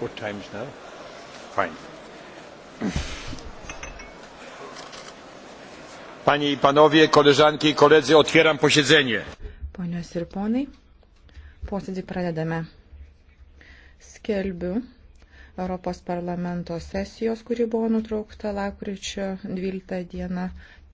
What time is now? Fine. Panie i panowie, koleżanki i koledzy, otwieram posiedzenie. Ponios ir ponai, posėdį pradedame. Skelbiu Europos parlamento sesijos, kuri buvo nutraukta lakryčio 12 dieną